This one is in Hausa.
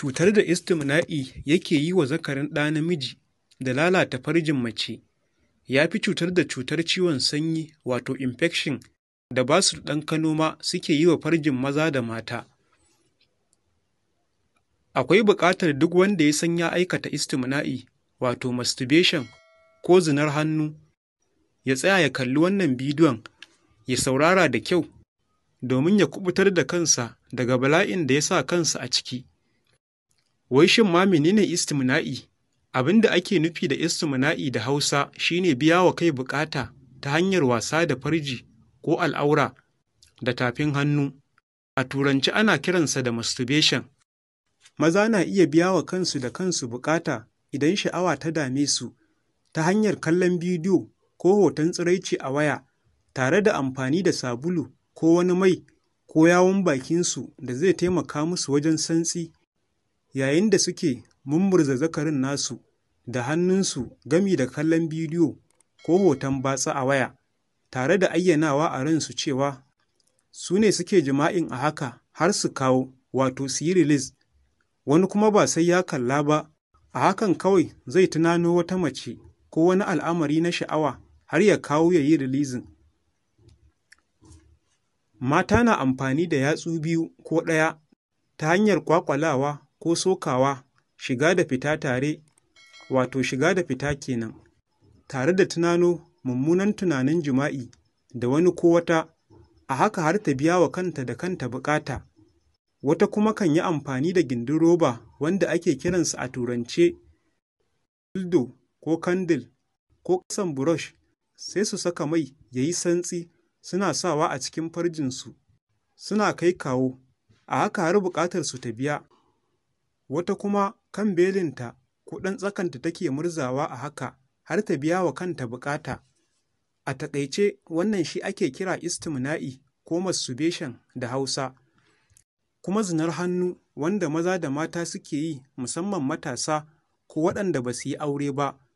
Cutar da istimna'i yake yi wa zakarin ɗa namiji da lalata farjin mace ya fi cutar da cutar ciwon sanyi wato infection da su ɗan Kano ma suke yi wa farjin maza da mata. Akwai buƙatar duk wanda ya san ya aikata istimna'i wato masturbation ko zinar hannu ya tsaya ya kalli wannan bidiyon ya saurara da kyau domin ya kubutar da kansa daga bala'in da ya sa kansa a ciki. Wai shin ma menene istimna'i? Abin da ake nufi da istimna'i da Hausa shine biya wa kai bukata ta hanyar wasa da farji ko al'aura da tafin hannu. A Turanci ana kiransa da masturbation. Maza na iya biya wa kansu da kansu bukata idan sha'awa ta dame su ta hanyar kallon bidiyo ko hoton tsiraici a waya tare da amfani da sabulu ko wani mai ko yawon bakinsu da zai taimaka musu wajen santsi Yayin da suke mummurza zakarin nasu da hannunsu gami da kallon bidiyo ko hoton batsa a waya, tare da ayyanawa a ransu cewa su ne suke jima'in a haka har su kawo, wato su yi rilis, wani kuma ba sai ya kalla ba, a hakan kawai zai tunano wata mace ko wani al'amari na sha'awa har ya kawo ya yi rilizin. Mata na amfani da yatsu biyu ko ɗaya ta hanyar ƙwaƙwalawa ko sokawa shiga da fita tare wato shiga da fita kenan, tare da tunano mummunan tunanin jima'i da wani ko wata a haka har ta biya wa kanta da kanta bukata. Wata kuma kan yi amfani da gindin roba wanda ake kiransa a turance dildo ko kandil ko ƙasan burosh sai su saka mai ya yi santsi suna sawa a cikin farjinsu suna kai kawo a haka har buƙatar su ta biya wata kuma kan belinta kuɗin tsakanta take murzawa a haka har ta biya wa kanta bukata A taƙaice wannan shi ake kira istimna'i ko masturbation da Hausa. Kuma zinar hannu wanda maza da mata suke yi musamman matasa ko waɗanda ba su yi aure ba